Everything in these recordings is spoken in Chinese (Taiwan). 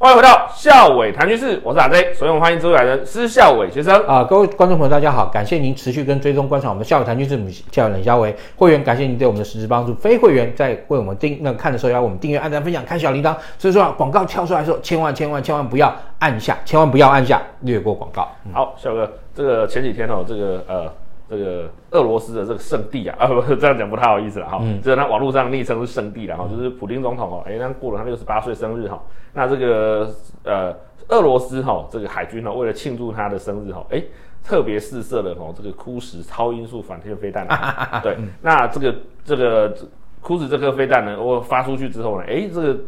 歡迎回到孝瑋談軍事，我是阿 Z，所以我們歡迎周圍來的施孝瑋先生啊、呃，各位觀眾朋友，大家好，感謝您持續跟追蹤觀察我們的孝瑋談軍事，我們校冷人孝瑋會員，感謝您對我們的實質幫助，非會員在為我們訂那個、看的時候，要我們訂閱、按讚、分享、開小鈴鐺，所以說啊，廣告跳出來的時候，千萬千萬千萬,千萬不要按下，千萬不要按下，略過廣告。嗯、好，孝哥，這個前幾天哦，這個呃。這個俄羅斯的這個聖地啊，啊不這樣講不太好意思了哈。嗯。這那網絡上昵稱是聖地了哈，就是普丁總統哦。哎，他過了他六十八歲生日哈、哦，那這個呃俄羅斯哈、哦、這個海軍呢、哦，為了慶祝他的生日哈、哦，哎，特別試射了哦這個鋯石超音速反艦飛彈。對。嗯、那這個這個鋯石這顆飛彈呢，我發出去之後呢，哎，這個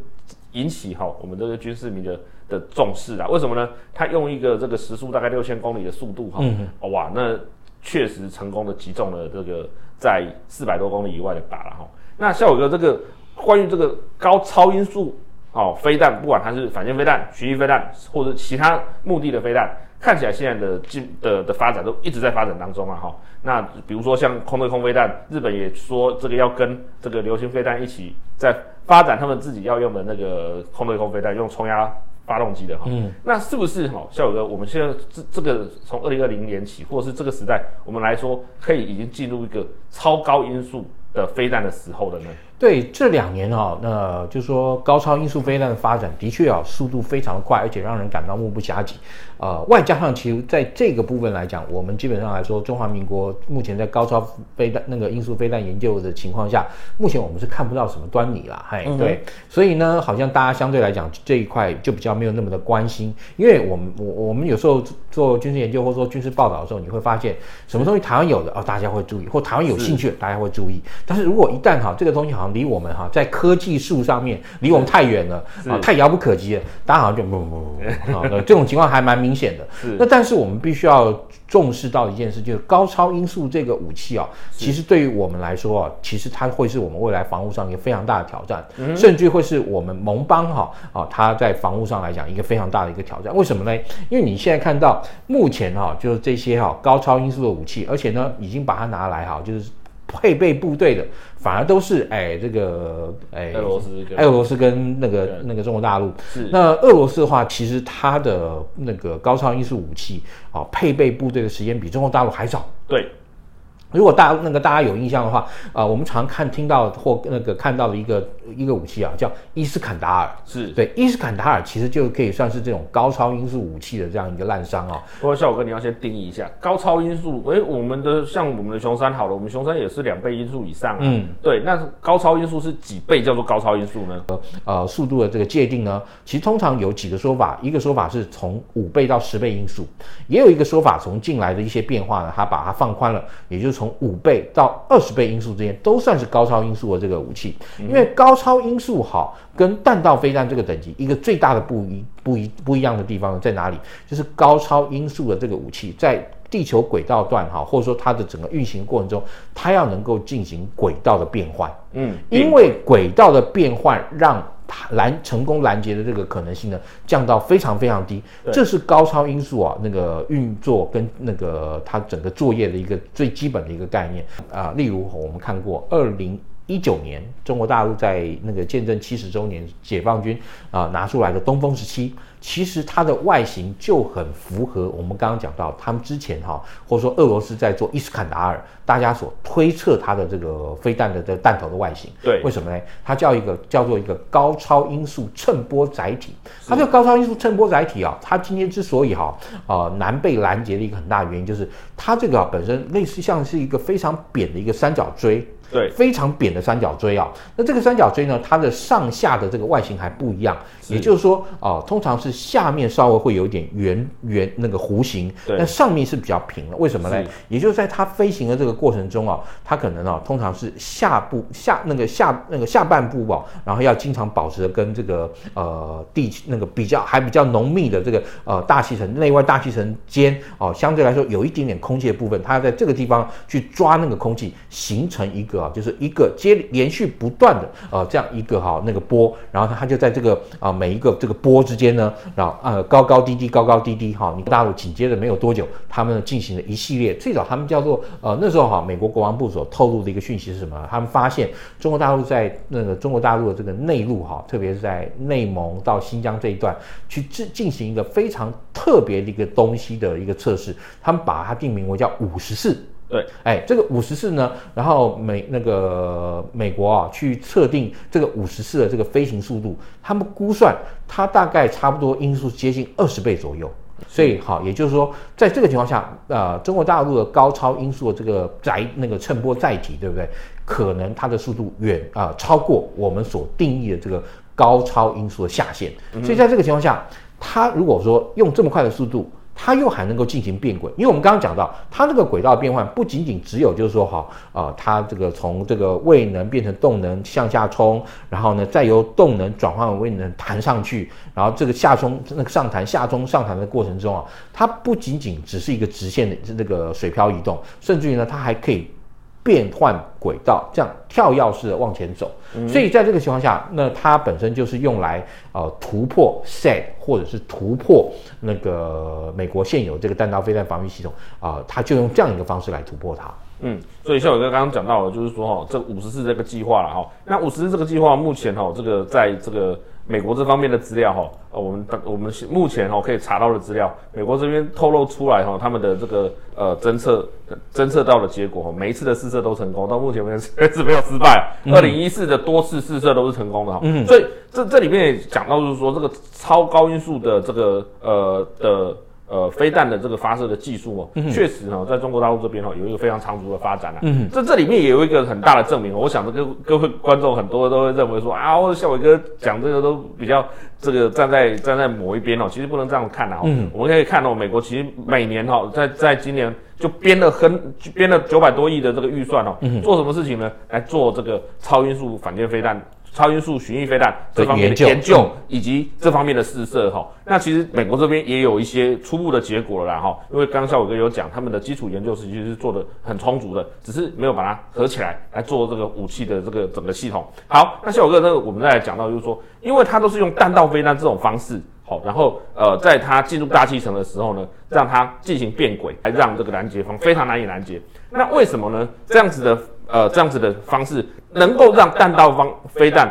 引起哈我們這個軍事迷的的重視啊？為什麼呢？他用一個這個時速大概六千公里的速度哈、哦，嗯哦、哇那。確實成功的擊中了這個在四百多公里以外的靶了，啊、哈。那孝瑋哥，這個關於這個高超音速哦飛彈，不管它是反艦飛彈、巡弋飛彈，或者其他目的的飛彈，看起來現在的進的的、的發展都一直在發展當中啊哈。那比如說像空對空飛彈，日本也說這個要跟這個流星飛彈一起在發展他們自己要用的那個空對空飛彈，用衝壓發動機的哈，嗯，那是不是哈，孝瑋哥，我們現在這這個從二零二零年起，或者是這個時代，我們來說，可以已經進入一個超高音速的飛彈的時候了呢？嗯對這兩年啊、哦，那、呃、就是說高超音速飛彈的發展的確啊、哦、速度非常快，而且讓人感到目不暇接。呃，外加上其實在這個部分來講，我們基本上來說，中華民國目前在高超飛彈那個音速飛彈研究的情況下，目前我們是看不到什麼端倪啦。嘿，對，嗯、哼所以呢，好像大家相對來講這一塊就比較沒有那麼的關心，因為我們我我們有時候做軍事研究或說軍事報道的時候，你會發現什麼東西台灣有的啊、哦，大家會注意，或台灣有興趣，是大家會注意。但是如果一旦哈這個東西好像離我們哈、啊，在科技樹上面，離我們太遠了啊，太遙不可及了。大家好像就嗡嗡嗡、啊、這種情況還蠻明顯的。是那，但是我們必須要重視到一件事，就是高超音速這個武器啊，其實對於我們來說啊，其實它會是我們未來防務上一個非常大的挑戰，是甚至會是我們盟邦哈啊、啊，它在防務上來講一個非常大的一個挑戰。為什麼呢？因為你現在看到目前哈、啊，就是這些哈、啊、高超音速的武器，而且呢，嗯、已經把它拿來哈、啊，就是。配備部隊的反而都是哎、欸，這個哎，欸、俄羅斯跟，哎，俄羅斯跟那個那個中國大陸，是那俄羅斯的話，其實它的那個高超音速武器啊，配備部隊的時間比中國大陸還早，對。如果大家那個大家有印象的話，啊、呃，我們常看聽到或那個看到的一個一個武器啊，叫伊斯坎達爾，是對，伊斯坎達爾其實就可以算是這種高超音速武器的這樣一個濫觴、啊、哦。不過孝瑋哥，你要先定義一下高超音速，誒，我們的像我們的雄三好了，我們雄三也是兩倍音速以上、啊、嗯，對，那高超音速是幾倍叫做高超音速呢？呃，速度的這個界定呢，其實通常有幾個說法，一個說法是從五倍到十倍音速，也有一個說法從近來的一些變化呢，它把它放寬了，也就是從從五倍到二十倍音速之間，都算是高超音速的這個武器。因為高超音速好，跟彈道飛彈這個等級一個最大的不一不一不一，不一樣的地方在哪裡？就是高超音速的這個武器在地球軌道段哈，或者說它的整個運行過程中，它要能夠進行軌道的變換，嗯，因為軌道的變換，讓它攔成功攔截的這個可能性呢降到非常非常低，對這是高超音速啊那個運作跟那個它整個作業的一個最基本的一個概念啊、呃。例如我們看過二零一九年中國大陸在那個建政七十周年解放軍啊、呃、拿出來的東風十七。其實它的外形，就很符合我們剛剛講到，他們之前哈、啊，或者說俄羅斯在做伊斯坎達爾，大家所推測它的這個飛彈的這彈頭的外形。對，為什麼呢？它叫一個叫做一個高超音速乘波載體。是它這個高超音速乘波載體啊，它今天之所以哈、啊、呃難被攔截的一個很大原因，就是它這個、啊、本身類似像是一個非常扁的一個三角錐。對，非常扁的三角錐啊、哦，那這個三角錐呢，它的上下的這個外形還不一樣，是也就是說啊、呃，通常是下面稍微會有點圓圓那個弧形，那對上面是比較平的。為什麼呢？是也就是在它飛行的這個過程中啊、哦，它可能啊、哦，通常是下部下那個下那個下半部哦，然後要經常保持跟這個呃地那個比較還比較濃密的這個呃大氣層內外大氣層間哦、呃，相對來說有一點點空氣的部分，它要在這個地方去抓那個空氣，形成一個。啊，就是一個接連續不斷的呃這樣一個哈那個波，然後它它就在這個啊每一個這個波之間呢，然後呃高高低低高高低低哈，你大陸緊接着沒有多久，他們進行了一系列，最早他們叫做呃那時候哈美國國防部所透露的一個訊息是什麼？他們發現中國大陸在那個中國大陸的這個內陸哈，特別是在內蒙到新疆這一段去進進行一個非常特別的一個東西的一個測試，他們把它定名為叫五十四。對，哎，這個五十四呢，然後美那個美國啊，去測定這個五十四的這個飛行速度，他們估算它大概差不多音速接近二十倍左右，所以好，也就是說，在這個情況下，呃，中國大陸的高超音速的這個載那個乘波載體，對不對？可能它的速度遠啊、呃、超過我們所定義的這個高超音速的下限，嗯、哼所以在這個情況下，它如果說用這麼快的速度。它又還能夠進行變軌，因為我們剛剛講到，它這個軌道變換不僅僅只有就是說哈啊、呃，它這個從這個位能變成動能向下衝，然後呢再由動能轉換為位能彈上去，然後這個下衝那個上彈下衝上彈的過程中啊，它不僅僅只是一個直線的那個水漂移動，甚至於呢它還可以。變換軌道，這樣跳躍式的往前走。嗯、所以在這個情況下，那它本身就是用來呃突破 SAD 或者是突破那個美國現有這個彈道飛彈防禦系統啊、呃，它就用這樣一個方式來突破它。嗯，所以像我剛剛講到的，就是說哦，這五十四這個計劃了哈，那五十四這個計劃目前哈、哦，這個在這個。美國這方面的資料哈，我們我們目前哈可以查到的資料，美國這邊透露出來哈，他們的這個呃偵測偵測到的結果，每一次的試射都成功，到目前為止還是沒有失敗。二零一四的多次試射都是成功的哈，嗯，所以這這裡面也講到就是說，這個超高音速的這個呃的。呃，飛彈的這個發射的技術哦，嗯、哼確實哦，在中國大陸這邊哦，有一個非常長足的發展啊。嗯哼，這這裡面也有一個很大的證明、哦。我想，各各位觀眾很多都會認為說啊，我孝瑋哥講這個都比較這個站在站在某一邊哦，其實不能這樣看的、啊、哦。嗯哼，我們可以看到、哦，美國其實每年哈、哦，在在今年就編了很編了九百多億的這個預算哦，嗯、哼做什麼事情呢？來做這個超音速反艦飛彈。超音速巡弋飛彈這方面的研究、嗯、以及這方面的試射哈，嗯、那其實美國這邊也有一些初步的結果了啦。哈，因為剛剛孝瑋哥有講，他們的基礎研究是其實是做得很充足的，只是沒有把它合起來來做這個武器的這個整個系統。好，那孝瑋哥，那我們再來講到就是說，因為它都是用彈道飛彈這種方式，好，然後呃，在它進入大氣層的時候呢，讓它進行變軌，來讓這個攔截方非常難以攔截。那為什麼呢？這樣子的。呃，這樣子的方式能夠讓彈道方飛彈，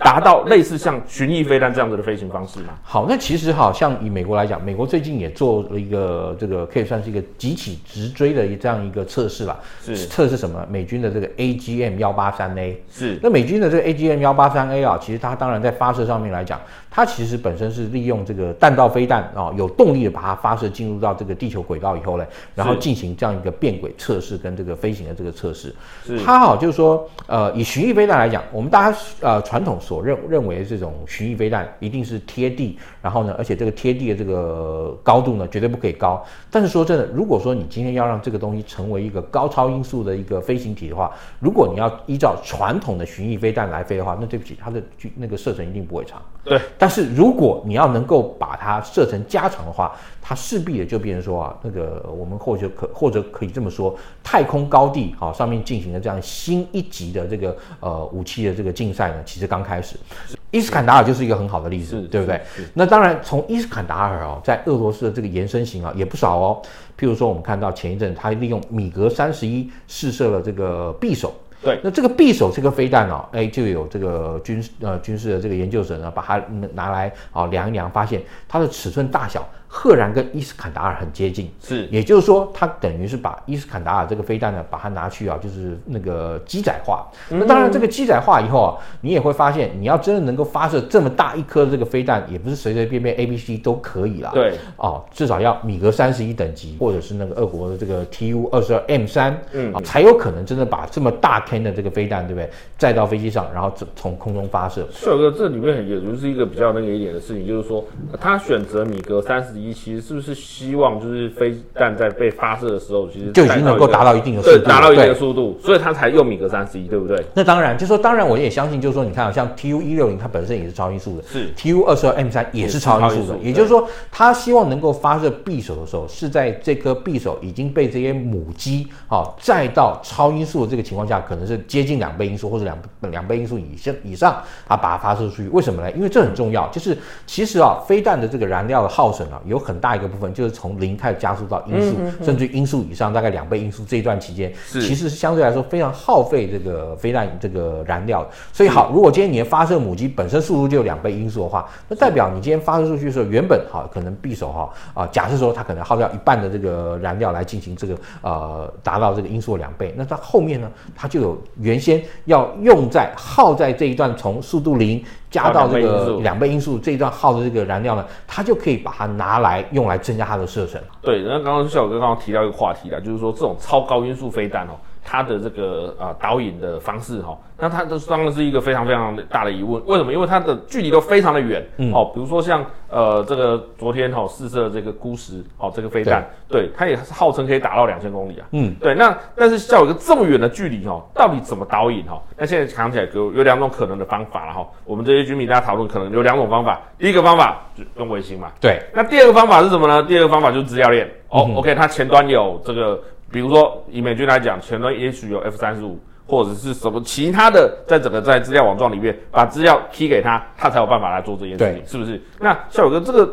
達到類似像巡弋飛彈這樣子的飛行方式嗎？式嗎好，那其實哈，像以美國來講，美國最近也做了一個這個可以算是一個急起直追的這樣一個測試啦。是。測試什麼？美軍的這個 A G M 幺八三 A。是。那美軍的這個 A G M 幺八三 A 啊，其實它當然在發射上面來講，它其實本身是利用這個彈道飛彈啊、哦，有動力的把它發射進入到這個地球軌道以後呢，是然後進行這樣一個變軌測試跟這個飛行的這個測試。是。它哈就是說，呃，以巡弋飛彈來講，我們大家呃傳統。所認認為這種巡弋飛彈一定是貼地，然後呢，而且這個貼地的這個高度呢，絕對不可以高。但是說真的，如果說你今天要讓這個東西成為一個高超音速的一個飛行體的話，如果你要依照傳統的巡弋飛彈來飛的話，那對不起，它的那個射程一定不會長。對，但是如果你要能夠把它射程加長的話，它勢必也就變成說啊，那個我們或許可或者可以這麼說，太空高地啊上面進行了這樣新一級的這個呃武器的這個競賽呢，其實剛開。是，是是伊斯坎達爾就是一個很好的例子，是對不對？那當然，從伊斯坎達爾哦，在俄羅斯的這個延伸型啊，也不少哦。譬如說，我們看到前一陣他利用米格三十一試射了這個匕首，對，那這個匕首這個飛彈哦、啊，哎，就有這個軍呃軍事的這個研究者呢，把它拿來啊量一量，發現它的尺寸大小。赫然跟伊斯坎達爾很接近，是，也就是說，他等於是把伊斯坎達爾這個飛彈呢，把它拿去啊，就是那個機載化。嗯嗯那當然，這個機載化以後啊，你也會發現，你要真的能夠發射這麼大一顆這個飛彈，也不是隨隨便便 A、B、C 都可以啦。對，哦、啊，至少要米格三十一等級，或者是那個俄國的這個 T U 二十二 M 三、嗯，嗯、啊，才有可能真的把這麼大天的這個飛彈，對不對？載到飛機上，然後從空中發射。秀哥，這裡面也就是一個比較那個一點的事情，就是說，啊、他選擇米格三十一。其實是不是希望就是飛彈在被發射的時候，其實就已經能夠達到，到一定的速度，達到一定的速度，所以它才用米格三十一，對不對？那當然，就是說，當然我也相信，就是說，你看啊，像 T U 一六零，它本身也是超音速的，是 T U 二十二 M 三也是超音速的，也，速也就是說，對它希望能夠發射匕首的時候，是在這顆匕首已經被這些母機啊，再、哦、到超音速的這個情況下，可能是接近兩倍音速或者兩兩倍音速以上以上，啊，把它發射出去。為什麼呢？因為這很重要，就是其實啊、哦，飛彈的這個燃料的耗損啊。有很大一個部分就是從零開始加速到音速，嗯、哼哼，甚至音速以上，大概兩倍音速這一段期間，是其實是相對來說非常耗費這個飛彈這個燃料。所以好，如果今天你的發射母機本身速度就有兩倍音速的話，那代表你今天發射出去的時候，原本哈可能匕首哈啊、呃，假設說它可能耗掉一半的這個燃料來進行這個呃達到這個音速的兩倍，那它後面呢，它就有原先要用在耗在這一段從速度零加到這個兩倍音速、啊、兩倍音速這一段耗的這個燃料呢，它就可以把它拿。來用來增加它的射程。對，那剛剛小哥剛剛提到一個話題啦，就是說這種超高音速飛彈哦。它的這個啊、呃，導引的方式哈、哦，那它這當然是一個非常非常大的疑問。為什麼？因為它的距離都非常的遠，嗯，哦，比如說像呃，這個昨天哈試、哦、射的這個孤石哦，這個飛彈，對，它也是號稱可以打到兩千公里啊，嗯，對。那但是要有一個這麼遠的距離哈、哦，到底怎麼導引哈、哦？那現在想起來有有兩種可能的方法了哈、哦。我們這些軍迷大家討論，可能有兩種方法。第一個方法就用衛星嘛，對。那第二個方法是什麼呢？第二個方法就是資料鏈，嗯、哼哦，OK，它前端有這個。比如說，以美軍來講，前端也許有 F 三十五，或者是什麼其他的，在整個在資料網狀裡面把資料批給他，他才有辦法來做這件事情，對是不是？那孝瑋哥，這個，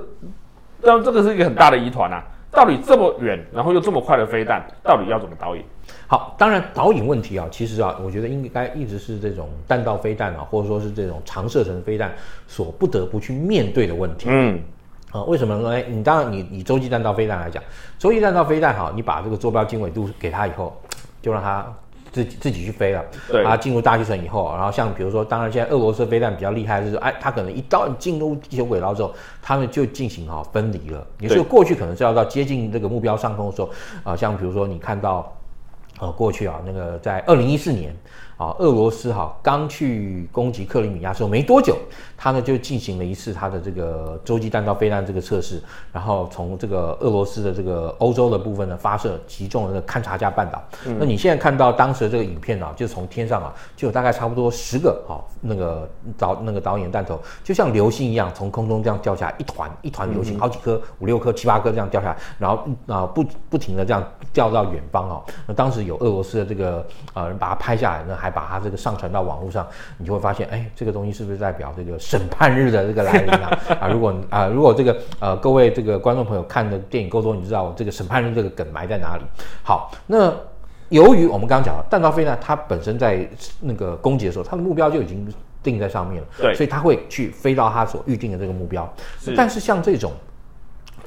當然這個是一個很大的疑團吶、啊，到底這麼遠，然後又這麼快的飛彈，到底要怎麼導引？好，當然導引問題啊，其實啊，我覺得應該一直是這種彈道飛彈啊，或者說是這種長射程飛彈所不得不去面對的問題。嗯。為什麼呢？哎，你當然，你以洲際彈道飛彈來講，洲際彈道飛彈好，你把這個坐標經緯度給他以後，就讓他自己自己去飛了。對啊，進入大氣層以後，然後像比如說，當然現在俄羅斯飛彈比較厲害，就是，哎，它可能一到進入地球軌道之後，他們就進行哈分離了。也就是過去可能是要到接近這個目標上空的時候，啊，像比如說你看到，呃，過去啊，那個在二零一四年，啊，俄羅斯哈剛去攻擊克里米亞時候，沒多久，他呢就進行了一次他的這個洲際彈道飛彈這個測試，然後從這個俄羅斯的這個歐洲的部分呢發射，擊中了那個勘察加半島。嗯、那你現在看到當時的這個影片啊，就從天上啊，就有大概差不多十個啊，那個導那個導引彈頭就像流星一樣從空中這樣掉下來，一團一團流星，嗯嗯好幾顆、五六顆、七八顆這樣掉下來，然後啊不不停的這樣掉到遠方啊。那當時有俄羅斯的這個呃人把它拍下來呢還，把它這個上傳到網絡上，你就會發現，哎，這個東西是不是代表這個審判日的這個來臨啊？ 啊，如果啊、呃，如果這個呃，各位這個觀眾朋友看的電影夠多，你知道這個審判日這個梗埋在哪裡？好，那由於我們剛剛講了，彈道飛呢，它本身在那個攻擊的時候，它的目標就已經定在上面了，對，所以它會去飛到它所預定的這個目標。是。但是像這種。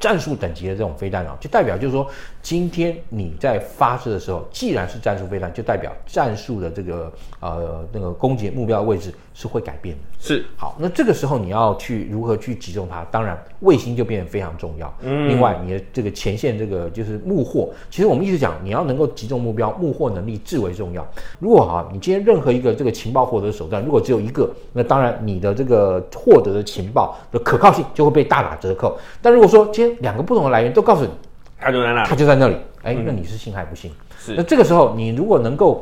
戰術等級的這種飛彈啊，就代表就是說，今天你在發射的時候，既然是戰術飛彈，就代表戰術的這個呃那個攻擊目標的位置是會改變的。是，好，那這個時候你要去如何去擊中它？當然，衛星就變得非常重要。嗯，另外你的這個前線這個就是目獲。其實我們一直講，你要能夠擊中目標，目獲能力至為重要。如果哈，你今天任何一個這個情報獲得手段，如果只有一個，那當然你的這個獲得的情報的可靠性就會被大打折扣。但如果說今天兩個不同的來源都告訴你他就在那，他就在那裡，哎，嗯，那你是信還是不信？是。那這個時候你如果能夠。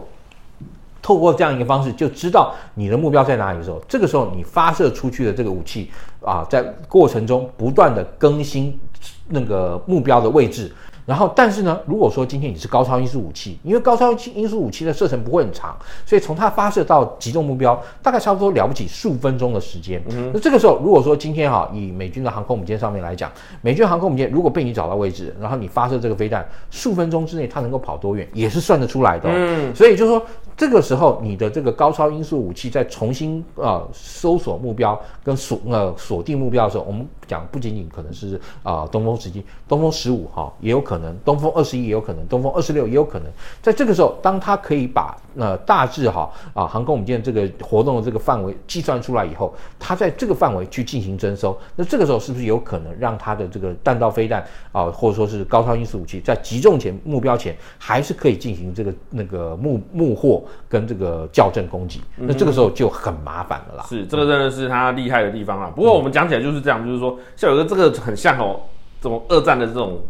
透過這樣一個方式，就知道你的目標在哪裡的時候，這個時候你發射出去的這個武器啊，在過程中不斷地更新那個目標的位置。然後，但是呢，如果說今天你是高超音速武器，因為高超音速武器的射程不會很長，所以從它發射到擊中目標，大概差不多了不起數分鐘的時間。嗯、那這個時候，如果說今天哈，以美軍的航空母艦上面來講，美軍航空母艦如果被你找到位置，然後你發射這個飛彈，數分鐘之內它能夠跑多遠，也是算得出來的、哦。嗯，所以就說。這個時候，你的這個高超音速武器在重新啊、呃、搜索目標跟鎖呃鎖定目標的時候，我們講不僅僅可能是啊東風十七、東風十五哈，也有可能東風二十一也有可能，東風二十六也有可能。在這個時候，當它可以把呃大致哈、哦、啊航空母艦這個活動的這個範圍計算出來以後，它在這個範圍去進行偵收，那這個時候是不是有可能讓它的這個彈道飛彈啊、呃，或者說是高超音速武器在擊中前目標前還是可以進行這個那個目目貨？跟這個校正攻擊，那這個時候就很麻煩了啦。是，這個真的是它厲害的地方啊。不過我們講起來就是這樣，嗯、就是說，孝瑋哥，這個很像哦、喔，這種二戰的這種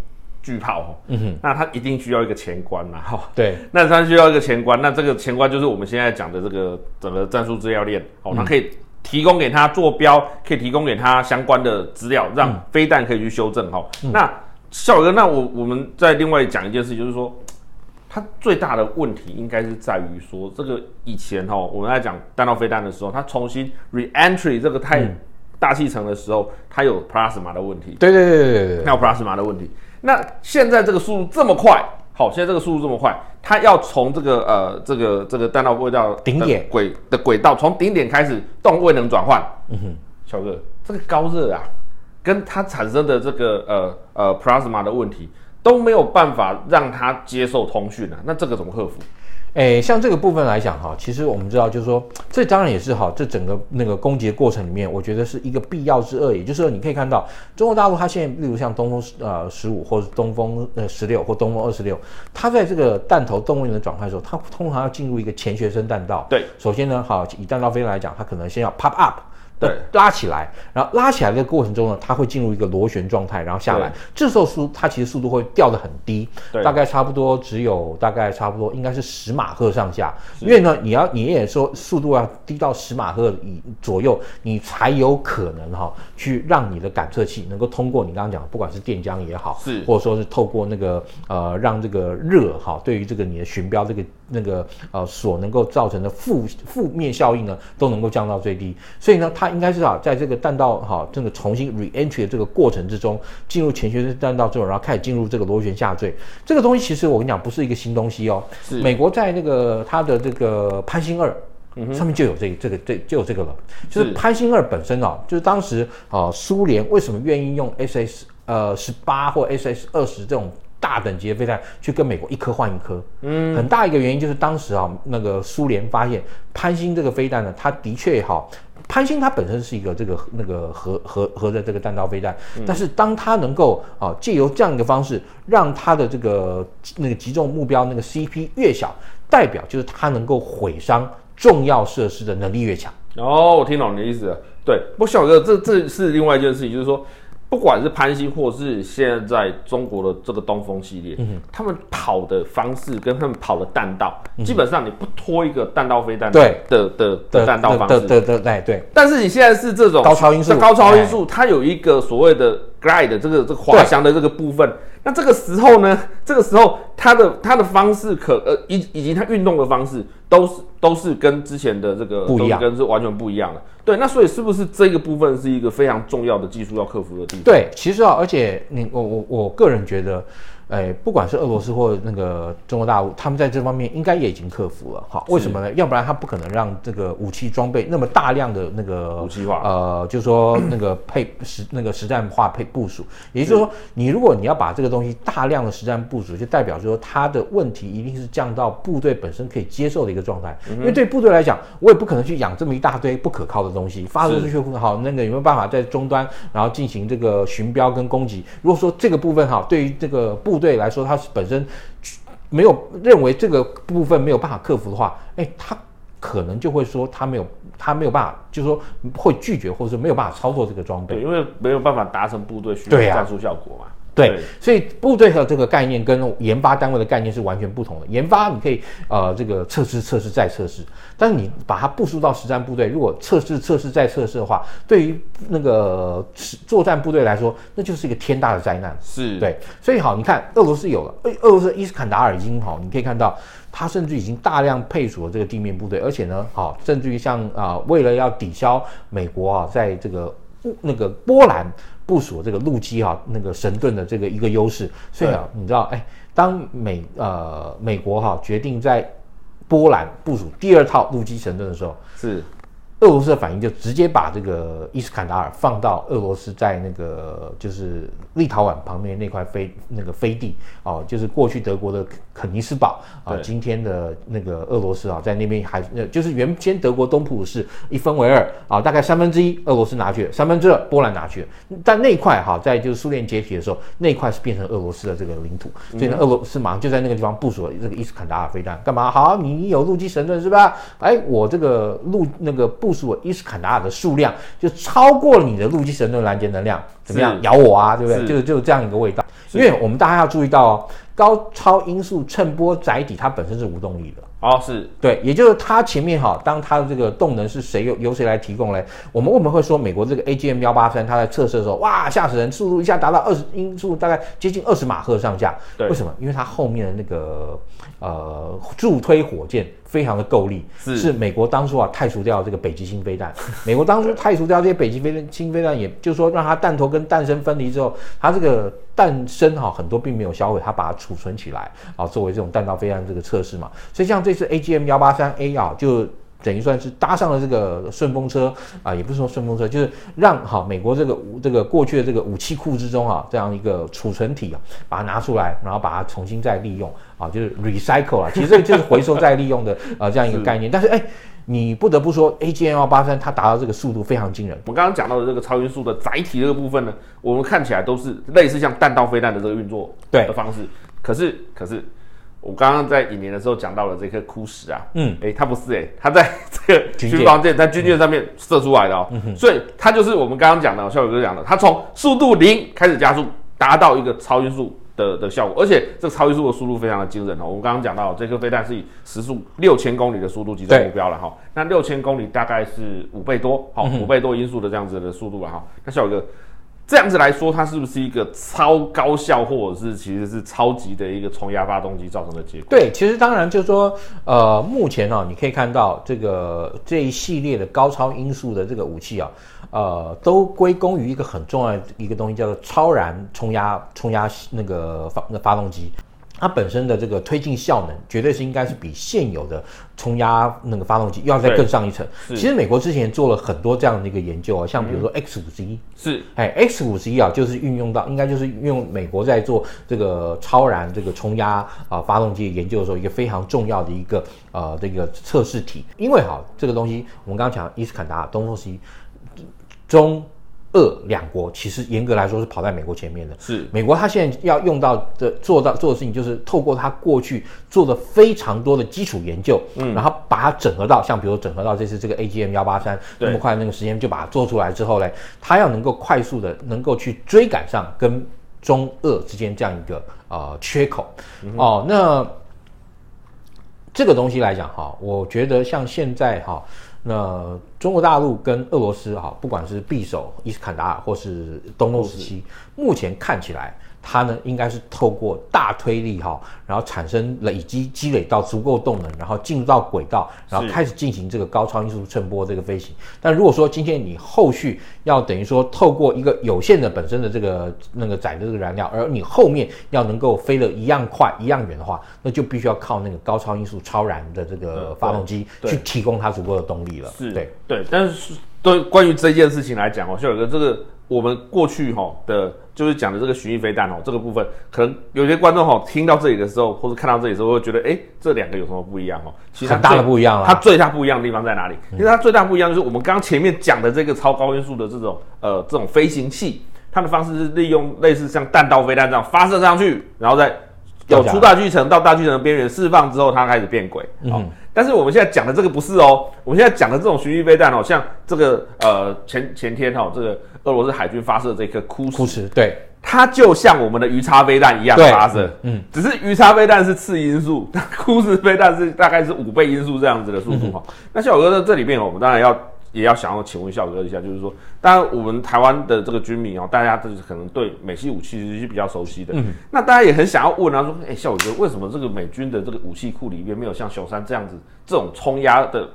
巨炮哦、喔。嗯哼。那它一定需要一個前觀吶哈。對。那它需要一個前觀，那這個前觀就是我們現在講的這個整個戰術資料鏈哦，它、喔、可以提供給他坐標，可以提供給他相關的資料，讓飛彈可以去修正哈、嗯喔。那孝瑋哥，那我我們再另外講一件事，就是說。它最大的問題應該是在於說，這個以前哈，我們在講彈道飛彈的時候，它重新 reentry 這個太、嗯、大氣層的時候，它有 plasma 的問題。對對對對對，它有 plasma 的問題。那現在這個速度這麼快，好，現在這個速度這麼快，它要從這個呃這個這個彈道軌道頂點軌的軌道，從頂點，點開始動位能轉換。嗯哼，小哥，這個高熱啊，跟它產生的這個呃呃 plasma 的問題。都沒有辦法讓他接受通訊啊。那這個怎麼克服？哎，像這個部分來講哈，其實我們知道，就是說，這當然也是哈，這整個那個攻擊的過程裡面，我覺得是一個必要之惡。也就是說，你可以看到，中國大陸它現在，例如像東風呃十五或是，呃、或東風呃十六或東風二十六，它在這個彈頭動力的轉換時候，它通常要進入一個錢學森彈道。對，首先呢，好以彈道飛來講，它可能先要 pop up。對拉起來，然後拉起來的過程中呢，它會進入一個螺旋狀態，然後下來。對這時候速它其實速度會掉得很低，對大概差不多只有大概差不多應該是十馬赫上下。是因為呢，你要你也說速度要低到十馬赫以左右，你才有可能哈、哦，去讓你的感測器能夠通過你剛剛講的，不管是電漿也好，是或者說是透過那個呃，讓這個熱哈、哦，對於這個你的尋標這個那個呃所能夠造成的負負面效應呢，都能夠降到最低。所以呢，它。應該是啊，在這個彈道哈、啊，這個重新 reentry 的這個過程之中，進入前旋轉彈道之後，然後開始進入這個螺旋下墜。這個東西其實我跟你講，不是一個新東西哦。是美國在那個它的這個潘興二，嗯、哼上面就有這個、這個這就有這個了。就是潘興二本身啊，是就是當時啊，蘇聯為什麼願意用 SS 呃十八或 SS 二十這種大等級的飛彈去跟美國一顆換一顆？嗯，很大一個原因就是當時啊，那個蘇聯發現潘興這個飛彈呢，它的確好、啊。潘興它本身是一個這個那個核核核的這個彈道飛彈，嗯、但是當它能夠啊借由這樣一個方式，讓它的這個那個擊中目標那個 CP 越小，代表就是它能夠毀傷重要設施的能力越強。哦，我聽懂你的意思了。對，我曉得這這是另外一件事情，就是說。不管是潘興，或是現在，在中國的這個東風系列，嗯、哼他們跑的方式跟他們跑的彈道，嗯、哼基本上你不拖一個彈道飛彈，對的的的彈道方式，對對對對。對，但是你現在是這種高超音速，高超音速，欸、它有一個所謂的。glide 這個這個、滑翔的這個部分，對那這個時候呢，這個時候它的它的方式可呃以以及它運動的方式都是都是跟之前的這個不一樣，是跟是完全不一樣的。對，那所以是不是這個部分是一個非常重要的技術要克服的地方？對，其實啊，而且你我我我個人覺得。哎，不管是俄羅斯或那個中國大陸，他們在這方面應該也已經克服了，好，為什麼呢？是要不然他不可能讓這個武器裝備那麼大量的那個武器化，呃，就是、說那個配實 那個實戰化配部署，也就是說，是你如果你要把這個東西大量的實戰部署，就代表說他的問題一定是降到部隊本身可以接受的一個狀態，嗯、哼因為對部隊來講，我也不可能去養這麼一大堆不可靠的東西，發射出去是好，那個有沒有辦法在終端然後進行這個尋標跟攻擊？如果說這個部分哈，對於這個部署部隊來說，他是本身沒有認為這個部分沒有辦法克服的話，哎，他可能就會說他沒有他沒有辦法，就是說會拒絕，或者是沒有辦法操作這個裝備，對，因為沒有辦法達成部隊需要的戰術效果嘛。對，所以部隊的這個概念跟研發單位的概念是完全不同的。研發你可以呃這個測試測試再測試，但是你把它部署到實戰部隊，如果測試測試再測試的話，對於那個作戰部隊來說，那就是一個天大的災難。是對，所以好，你看俄羅斯有了，哎，俄羅斯伊斯坎達爾已經好，你可以看到它甚至已經大量配屬了這個地面部隊，而且呢，好，甚至於像啊、呃，為了要抵消美國啊，在這個那個波蘭。部署這個陸基哈、啊、那個神盾的這個一個優勢，所以啊，對你知道，哎，當美呃美國哈、啊、決定在波蘭部署第二套陸基神盾的時候，是。俄羅斯的反應就直接把這個伊斯坎達爾放到俄羅斯在那個就是立陶宛旁邊那塊飛那個飛地哦、啊，就是過去德國的肯尼斯堡啊，今天的那個俄羅斯啊，在那邊還那就是原先德國東普魯士一分為二啊，大概三分之一俄羅斯拿去，三分之二波蘭拿去。但那塊哈、啊，在就是蘇聯解體的時候，那塊是變成俄羅斯的這個領土，所以呢，俄羅斯馬上就在那個地方部署了這個伊斯坎達爾飛彈，幹嘛？好，你有陸基神盾是吧？哎，我這個陸，那個不。部署伊斯坎達爾的數量就超過了你的陸基神盾攔截能量，怎麼樣？是咬我啊，對不對？是就是就是這樣一個味道。是因為我們大家要注意到哦，高超音速乘波載體它本身是無動力的哦，是對，也就是它前面哈、哦，當它的這個動能是誰由由誰來提供嘞？我們為什麼會說美國這個 AGM 幺八三，它在測試的時候哇嚇死人，速度一下達到二十音速，大概接近二十馬赫上下？對，為什麼？因為它後面的那個呃助推火箭。非常的夠力，是，是美國當初啊汰除掉這個北極星飛彈，美國當初汰除掉這些北極飛彈星飛彈，也就是說，讓它彈頭跟彈身分離之後，它這個彈身哈、啊、很多並沒有銷毀，它把它儲存起來啊，作為這種彈道飛彈這個測試嘛，所以像這次 A G M 幺八三 A 啊就。等於算是搭上了這個順風車啊、呃,也不是說順風車，就是讓好美國這個這個過去的這個武器庫之中啊，這樣一個儲存體啊，把它拿出來，然後把它重新再利用啊，就是 recycle 啊，其實 就是回收再利用的啊、呃、這樣一個概念。是但是哎、欸，你不得不說 AGM 183它達到這個速度非常驚人。我剛剛講到的這個超音速的載體這個部分呢，我們看起來都是類似像彈道飛彈的這個運作的方式，可是對可是。可是我剛剛在引言的時候講到了這顆鋯石啊，嗯，誒它不是誒、欸、它在這個軍艦階在軍艦上面射出來的哦，嗯哼，所以它就是我們剛剛講的，孝瑋哥講的，它從速度零開始加速，達到一個超音速的的效果，而且這超音速的速度非常的驚人哦。我們剛剛講到這顆飛彈是以時速六千公里的速度擊中目標了哈、哦，對那六千公里大概是五倍多，好、哦，五倍多音速的這樣子的速度了、啊、哈，嗯、哼那孝瑋哥。這樣子來說，它是不是一個超高效，或者是其實是超級的一個衝壓發動機造成的結果？對，其實當然就是說，呃，目前哦啊，你可以看到這個這一系列的高超音速的這個武器啊，呃，都歸功於一個很重要的一個東西，叫做超燃衝壓衝壓那個發那發動機。它本身的這個推進效能，絕對是應該是比現有的衝壓那個發動機要再更上一層。其實美國之前做了很多這樣的一個研究啊，像比如說 X 五十一，是，哎，X 五十一啊，就是運用到，應該就是運用美國在做這個超燃這個衝壓啊、呃、發動機研究的時候，一個非常重要的一個呃這個測試體。因為哈，這個東西我們剛剛講，伊斯坎達、東風十一中。俄兩國其實嚴格來說是跑在美國前面的是，是美國，它現在要用到的做到做的事情，就是透過它過去做的非常多的基礎研究，嗯，然後把它整合到，像比如整合到這次這個 AGM 幺八三那麼快的那個時間就把它做出來之後呢，它要能夠快速的能夠去追趕上跟中俄之間這樣一個呃缺口哦、嗯哼呃，那這個東西來講哈，我覺得像現在哈那。中國大陸跟俄羅斯，哈，不管是匕首、伊斯坎達爾，或是東風十七，目前看起來。它呢，應該是透過大推力哈，然後產生累積積累到足夠動能，然後進入到軌道，然後開始進行這個高超音速乘波這個飛行。是但如果說今天你後續要等於說透過一個有限的本身的這個那個載的這個燃料，而你後面要能夠飛得一樣快一樣遠的話，那就必須要靠那個高超音速超燃的這個發動機去提供它足夠的動力了。是、嗯，對對，對，對。但是對關於這件事情來講哦，孝瑋哥，這個我們過去哈、哦、的。就是講的這個巡弋飛彈哦，這個部分可能有些觀眾哈、哦、聽到這裡的時候，或者看到這裡的時候，會覺得哎，這兩個有什麼不一樣哦？其實它最很大的不一樣了。它最大不一樣的地方在哪裡？嗯、其實它最大不一樣就是我們剛前面講的這個超高音速的這種呃這種飛行器，它的方式是利用類似像彈道飛彈這樣發射上去，然後再有出大氣層到大氣層邊緣釋放之後，它開始變軌。嗯。但是我們現在講的這個不是哦，我們現在講的這種巡航飛彈哦，像這個呃前前天哈、哦，這個俄羅斯海軍發射的這顆鋯石，鋯石對，它就像我們的魚叉飛彈一樣發射，嗯，嗯只是魚叉飛彈是次音速，那鋯石飛彈是大概是五倍音速這樣子的速度哈、哦。嗯、哼那像我說在這裡面哦，我們當然要。也要想要請問孝哥一下，就是說，當然我們台灣的這個軍迷哦，大家就是可能對美系武器其實是比較熟悉的。嗯，那大家也很想要問他、啊、說，哎、欸，孝哥，為什麼這個美軍的這個武器庫裡面沒有像熊三這樣子這種衝壓的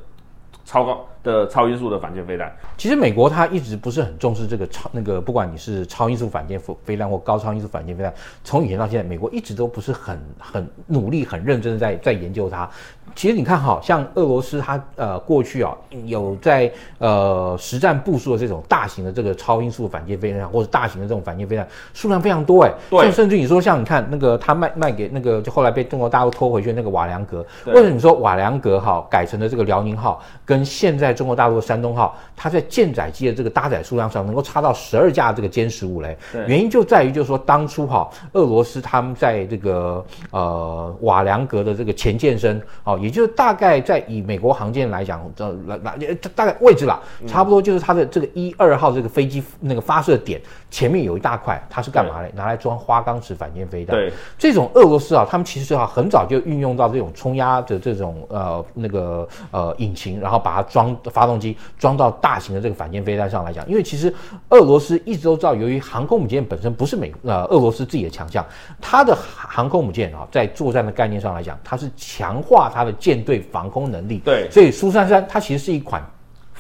超高的超音速的反艦飛彈？其實美國他一直不是很重視這個超那個，不管你是超音速反艦飛飛彈或高超音速反艦飛彈，從以前到現在，美國一直都不是很很努力、很認真的在在研究它。其實你看，哈，像俄羅斯它呃過去啊有在呃實戰部署的這種大型的這個超音速反艦飛彈，或者大型的這種反艦飛彈數量非常多哎。對。甚至你說像你看那個它賣賣給那個，就後來被中國大陸拖回去的那個瓦良格，或對者你說瓦良格哈改成了這個遼寧號，跟現在中國大陸的山東號，它在艦載機的這個搭載數量上能夠差到十二架這個殲十五嘞。對原因就在於就是說當初哈俄羅斯他們在這個呃瓦良格的這個前艦身哦。也就是大概在以美國航艦來講，這來來大概位置啦，差不多就是它的這個一二號這個飛機那個發射點前面有一大塊，它是幹嘛的？對拿來裝花崗岩反艦飛彈。對，這種俄羅斯啊，他們其實啊很早就運用到這種衝壓的這種呃那個呃引擎，然後把它裝發動機裝到大型的這個反艦飛彈上來講。因為其實俄羅斯一直都知道，由於航空母艦本身不是美呃俄羅斯自己的強項，它的航空母艦啊，在作戰的概念上來講，它是強化它的艦隊防空能力，對，所以蘇三三它其實是一款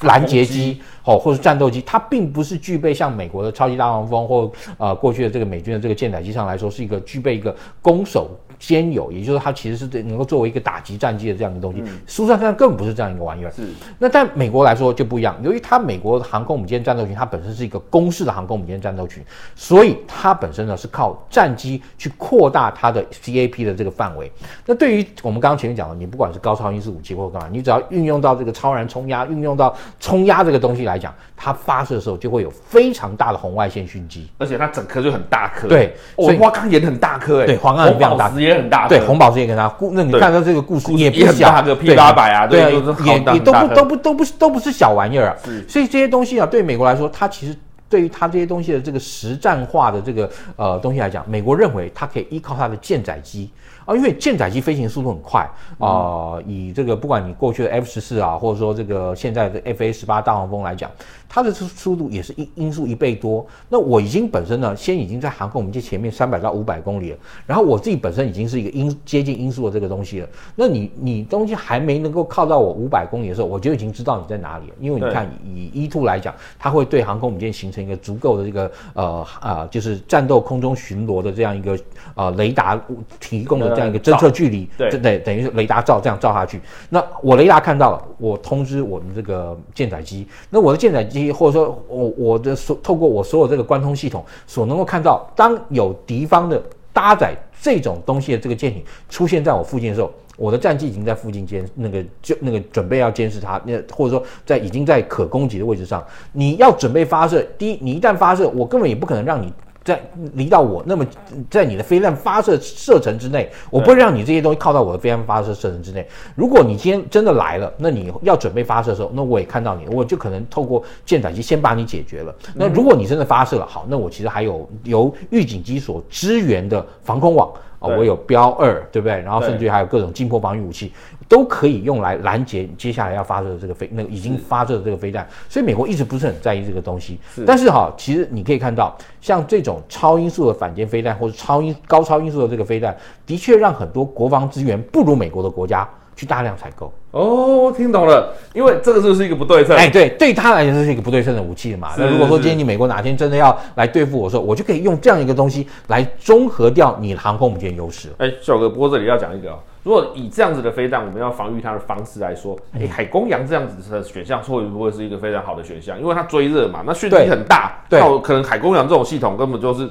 攔截機好、哦、或者戰鬥機，它並不是具備像美國的超級大黃蜂或啊、呃、過去的這個美軍的這個艦載機上來說，是一個具備一個攻守。兼有，也就是它其實是能夠作為一個打擊戰機的這樣一個東西。蘇 -33 更不是這樣一個玩意兒。是。那在美國來說就不一樣，由於它美國航空母艦戰鬥群，它本身是一個攻勢的航空母艦戰鬥群，所以它本身呢是靠戰機去擴大它的 CAP 的這個範圍。那對於我們剛剛前面講的，你不管是高超音速武器或者幹嘛，你只要運用到這個超燃衝壓，運用到衝壓這個東西來講，它發射的時候就會有非常大的紅外線訊跡，而且它整顆就很大顆。對，哦、我花崗岩很大顆哎。對，花崗岩比較大。很大，對紅寶石也跟他，故那你看到這個故事也不小，對，大個 P800 啊、對，對對也也都不都不都不是都不是小玩意兒啊。是所以這些東西啊，對美國來說，它其實對於它這些東西的這個實戰化的這個呃東西來講，美國認為它可以依靠它的艦載機啊，因為艦載機飛行速度很快啊。呃嗯、以這個不管你過去的 F 十四啊，或者說這個現在的 F A 十八大黃蜂來講。它的速度也是一音速一倍多。那我已經本身呢，先已經在航空母艦前面三百到五百公里了。然後我自己本身已經是一個音接近音速的這個東西了。那你你東西還沒能夠靠到我五百公里的時候，我就已經知道你在哪裡了。因為你看對以 E-2 來講，它會對航空母艦形成一個足夠的這個呃啊、呃，就是戰鬥空中巡邏的這樣一個呃雷達提供的這樣一個偵測距離，對對，等於是雷達照這樣照下去。那我雷達看到了，我通知我們這個艦載機。那我的艦載機。或者說，我我的所透過我所有這個觀通系統所能夠看到，當有敵方的搭載這種東西的這個艦艇出現在我附近的時候，我的戰機已經在附近監那個就那個準備要監視它，那或者說在已經在可攻擊的位置上，你要準備發射，第一你一旦發射，我根本也不可能讓你。在離到我那麼，在你的飛彈發射射程之內，我不會讓你這些東西靠到我的飛彈發射射程之內。如果你今天真的來了，那你要準備發射的時候，那我也看到你，我就可能透過艦載機先把你解決了。那如果你真的發射了，好，那我其實還有由預警機所支援的防空網。哦，我有標二對，對不對？然後甚至於還有各種近迫防禦武器，對都可以用來攔截接下來要發射的這個飛，那個已經發射的這個飛彈。是所以美國一直不是很在意這個東西。是。但是哈、哦，其實你可以看到，像這種超音速的反艦飛彈，或者超音、高超音速的這個飛彈，的確讓很多國防資源不如美國的國家。去大量採購哦，我聽懂了，因為這個，是不是個不、欸、就是一個不對稱。哎，對，對他來說就是一個不對稱的武器嘛。那如果說今天你美國哪天真的要來對付我說，我就可以用這樣一個東西來中和掉你航空母艦優勢。哎、欸，小哥，不過這裡要講一個、哦，如果以這樣子的飛彈，我們要防御它的方式來說，哎、欸，海公羊這樣子的選項會不會是一個非常好的選項？因為它追熱嘛，那訊力很大，那對可能海公羊這種系統根本就是。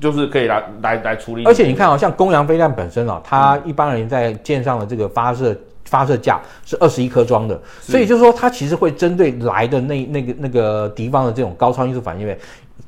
就是可以來來來處理，而且你看啊，像公羊飛彈本身啊，它一般人在艦上的這個發射發射架是二十一顆裝的，是所以就是說它其實會針對來的那那個那個敵方的這種高超音速反艦。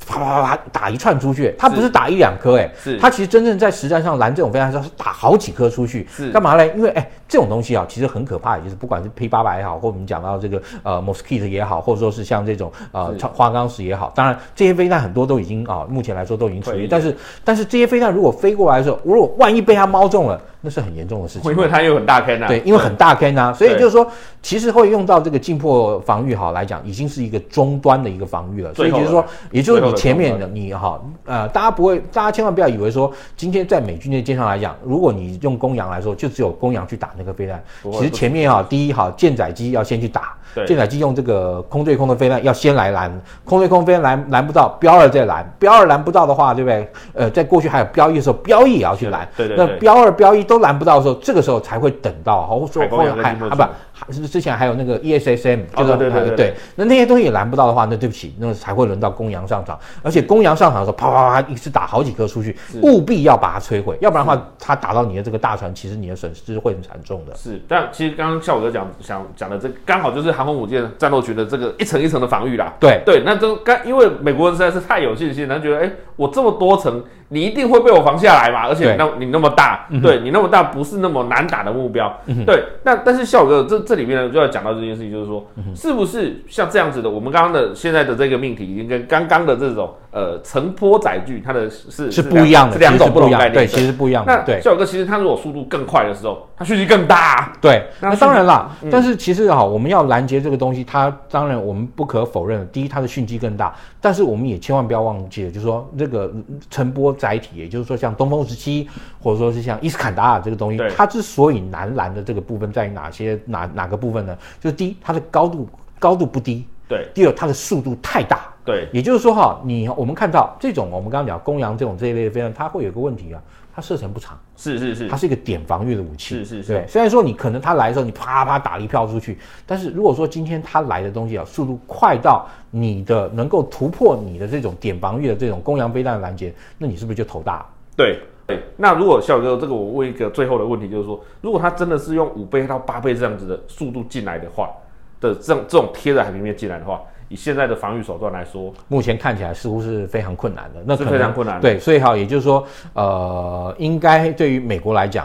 啪啪啪啪打一串出去，他不是打一兩顆誒，是，他其實真正在實戰上攔這種飛彈，是打好幾顆出去，是幹嘛嘞？因為哎，這種東西啊，其實很可怕，就是不管是 P 八百也好，或我們講到這個呃，Mosquito 也好，或者說是像這種呃，是花崗石也好，當然這些飛彈很多都已經啊、呃，目前來說都已經處於除役，對但是但是這些飛彈如果飛過來的時候，如果萬一被它瞄中了。那是很嚴重的事情，因為它又很大坑吶、啊。對，因為很大坑吶、啊，對所以就是說，對其實會用到這個近迫防禦哈來講，已經是一個終端的一個防禦了。了所以就是說，也就是你前面的你哈呃，大家不會，大家千萬不要以為說，今天在美軍的艦上來講，如果你用公羊來說，就只有公羊去打那個飛彈。過其實前面哈，第一哈艦載機要先去打，艦載機用這個空對空的飛彈要先來攔，空對空飛彈攔不到，標二再攔，標二攔不到的話，對不對？呃，在過去還有標一的時候，標一也要去攔。對對、對。那標二、標一，都攔不到的時候，這個時候才會等到，好，或者說還啊不，是，之前還有那個 E S S M，就是對，對，對，對，對，那那些東西也攔不到的話，那對不起，那才會輪到公羊上場，而且公羊上場的時候，啪啪啪，一次打好幾顆出去，是務必要把它摧毀，要不然的話，它是打到你的這個大船，其實你的損失是會很慘重的。是，但其實剛剛孝瑋哥講想講的這，剛好就是航空母艦戰鬥群的這個一層一層的防御啦。對對，那都剛因為美國人實在是太有信心，然後覺得哎。欸我這麼多層，你一定會被我防下來嘛？而且你那對你那麼大，嗯、哼對你那麼大，不是那麼難打的目標。嗯、哼對，那但是孝哥這這裡面呢就要講到這件事情，就是說、嗯、哼是不是像這樣子的？我們剛剛的現在的這個命題，已經跟剛剛的這種呃乘波載具，它的是是，是不一樣的兩種不同概念，對，對其實不一樣的。對那孝哥其實他如果速度更快的時候。它訊息更大，對，是那當然啦，嗯、但是其實哈，我們要攔截這個東西，它當然我們不可否認。第一，它的訊息更大，但是我們也千萬不要忘記了，就是說這個乘波載體，也就是說像東風十七，或者說是像伊斯坎達爾這個東西，對它之所以難攔的這個部分在於哪些哪哪個部分呢？就是第一，它的高度高度不低，對；第二，它的速度太大，對。也就是說哈，你我們看到這種我們剛剛講公羊這種這一類飛彈它會有個問題啊。它射程不長，是是是，它是一個點防禦的武器，是是是。雖然說你可能它來的時候，你啪啪打一票出去，但是如果說今天它來的東西啊，速度快到你的能夠突破你的這種點防禦的這種公羊飛彈攔截，那你是不是就頭大？對對。那如果小哥這個我問一個最後的問題，就是說，如果它真的是用五倍到八倍這樣子的速度進來的話的這樣這種貼在海平面進來的話。以現在的防禦手段來說，目前看起來似乎是非常困難的。那是非常困難的。對，所以哈，也就是說，呃，應該對於美國來講，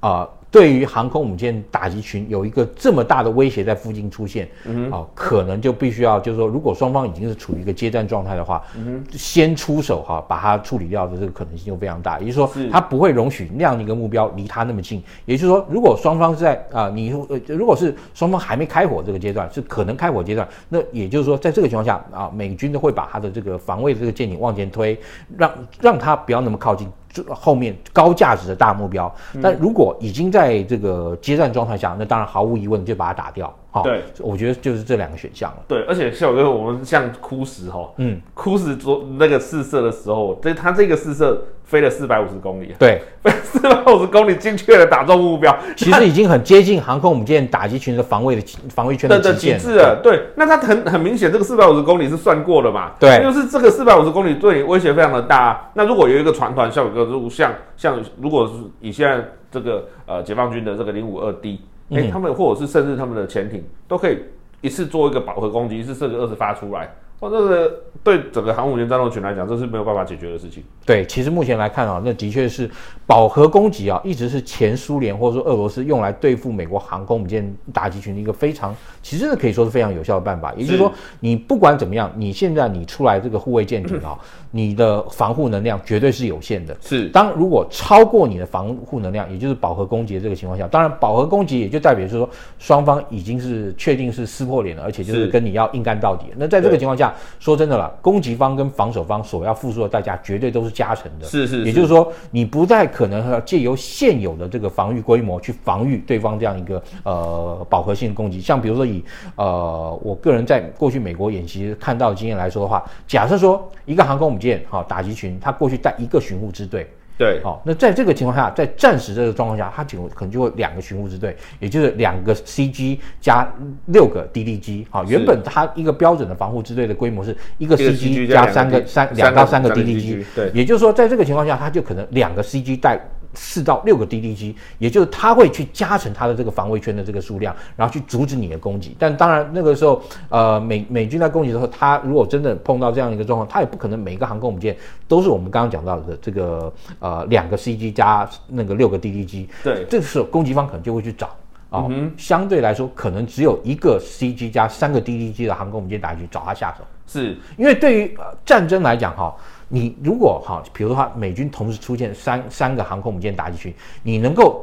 啊、呃。對於航空母艦打擊群有一個這麼大的威脅在附近出現，嗯、哼啊，可能就必須要就是說，如果雙方已經是處於一個接戰狀態的話，嗯、哼先出手哈、啊，把它處理掉的這個可能性就非常大。也就是說，它不會容許那樣一個目標離它那麼近。也就是說，如果雙方是在啊、呃，你、呃、如果是雙方還沒開火這個階段，是可能開火階段，那也就是說，在這個情況下啊，美軍都會把他的這個防衛這個艦艇往前推，讓讓他不要那麼靠近。後面高價值的大目標，但如果已經在這個接戰狀態下，那當然毫無疑問就把它打掉。好，對，我覺得就是這兩個選項了。對，而且孝瑋哥，我們像鋯石哈、哦，嗯，鋯石做那個試射的時候，這他這個試射飛了四百五十公里，對，飛了四百五十公里精確的打中目標，其實已經很接近航空母艦打擊群的防衛的防衛圈的極限了的的極致了。對，對，那它很很明顯，這個四百五十公里是算過的嘛？對，就是這個四百五十公里對你威脅非常的大。那如果有一個船團，孝瑋哥，像像如果是以現在這個呃解放軍的這個零五二 D。哎、欸，他們或者是甚至他們的潛艇都可以一次做一個飽和攻擊，一次射個二十發出來。哦，這是對整個航空母艦戰鬥群來講，這是沒有辦法解決的事情。對，其實目前來看啊，那的確是飽和攻擊啊，一直是前蘇聯或者說俄羅斯用來對付美國航空母艦打擊群的一個非常，其實真可以說是非常有效的辦法。也就是說，你不管怎麼樣，你現在你出來這個護衛艦艇啊，是你的防護能量絕對是有限的。是，當如果超過你的防護能量，也就是飽和攻擊的這個情況下，當然飽和攻擊也就代表就是說雙方已經是確定是撕破臉了，而且就是跟你要硬幹到底。是那在這個情況下。說真的啦，攻擊方跟防守方所要付出的代價，絕對都是加成的。是是，是，也就是說，你不再可能要借由現有的這個防禦規模去防禦對方這樣一個呃飽和性的攻擊。像比如說以呃我個人在過去美國演習看到的經驗來說的話，假設說一個航空母艦哈打擊群，它過去帶一個巡護支隊。對，好，哦，那在這個情況下，在戰時這個狀況下，它，僅可能就會兩個巡護支隊，也就是兩個 CG 加六個 DDG，哦。好是，原本它一個標準的防護支隊的規模是一個 CG 加三個三兩到三個 DDG。對，也就是說，在這個情況下，它就可能兩個 CG 帶。四到六個 DDG，也就是他會去加成他的這個防衛圈的這個數量，然後去阻止你的攻擊。但當然那個時候，呃，美美軍在攻擊的時候，他如果真的碰到這樣一個狀況，他也不可能每一個航空母艦都是我們剛剛講到的這個呃兩個 CG 加那個六個 DDG。對，這個時候攻擊方可能就會去找啊，嗯哼，相對來說可能只有一個 CG 加三個 DDG 的航空母艦打下去找他下手。是因為對於，呃，戰爭來講哈。哦你如果哈，比如的話，美軍同時出現三三個航空母艦打擊群，你能夠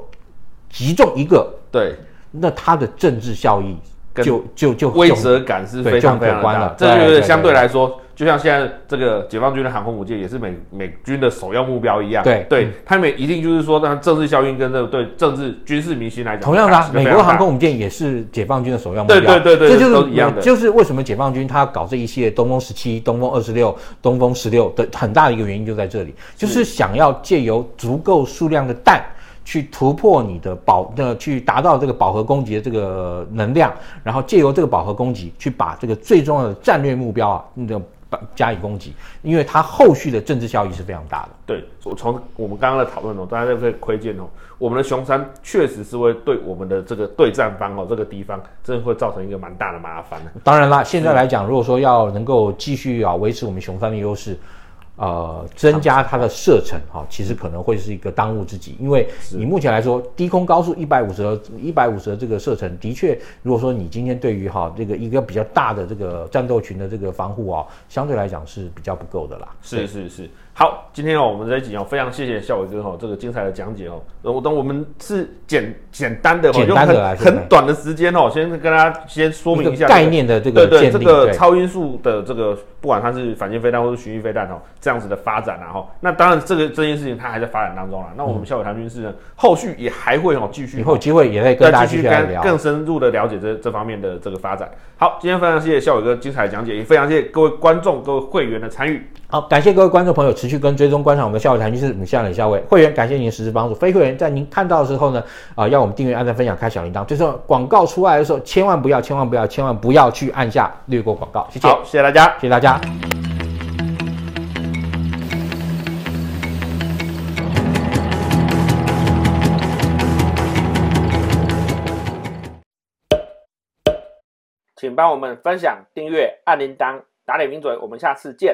擊中一個，對，那它的政治效益就跟就就威懾感，是非常可觀了，這就有點相對來說。對對對對就像現在這個解放軍的航空母艦也是美美軍的首要目標一樣，對對，對嗯、他們一定就是說讓政治效應跟這個對政治軍事明星來講，同樣的、啊，大美國航空母艦也是解放軍的首要目標，對,對對對對，這就是、是一樣的、呃，就是為什麼解放軍他搞這一系列東風十七、東風二十六、東風十六的很大的一個原因就在這裡，就是想要借由足夠數量的彈去突破你的保，呃、那個，去達到這個飽和攻擊的這個能量，然後借由這個飽和攻擊去把這個最重要的戰略目標啊，那種、個。加以攻擊，因為它後續的政治效益是非常大的。對，我從我們剛剛的討論中，大家就可以窺見哦，我們的雄三確實是會對我們的這個對戰方哦，這個敵方真的會造成一個蠻大的麻煩。當然啦，現在來講，如果說要能夠繼續啊維持我們雄三的優勢。呃，增加它的射程哈、啊，其實可能會是一個當務之急，因為你目前來說，是低空高速一百五十、一百五十的這個射程，的確，如果說你今天對於哈、啊、這個一個比較大的這個戰鬥群的這個防護啊，相對來講是比較不夠的啦。是是是。好，今天哦，我們這一集哦，非常謝謝孝瑋哥哦，這個精彩的講解哦，我等我們是簡簡單的，簡單的、哦、很短的時間哦，先跟大家先說明一下對對概念的這個，對對，這個超音速的這個，不管它是反艦飛彈或是巡弋飛彈哦，這樣子的發展吶、啊、哈，那當然這個這件事情它還在發展當中了，那我們孝瑋談軍事呢，後續也還會哦繼續哦，以後有機會也會跟大家繼續跟更深入的了解這這方面的這個發展。好，今天非常謝謝孝瑋哥精彩的講解，也非常謝謝各位觀眾、各位會員的參與。好，感謝各位觀眾朋友。持續跟追蹤觀賞，我們校是的孝瑋談軍事，我們下的校位會員感謝您的實時幫助，非會員在您看到的時候呢，啊、呃，要我們訂閱、按讚、分享、開小鈴鐺。就是廣告出來的時候千，千萬不要、千萬不要、千萬不要去按下略過廣告。謝謝，好，謝謝大家，謝謝大家。請幫我們分享、訂閱、按鈴鐺、打臉名嘴，我們下次見。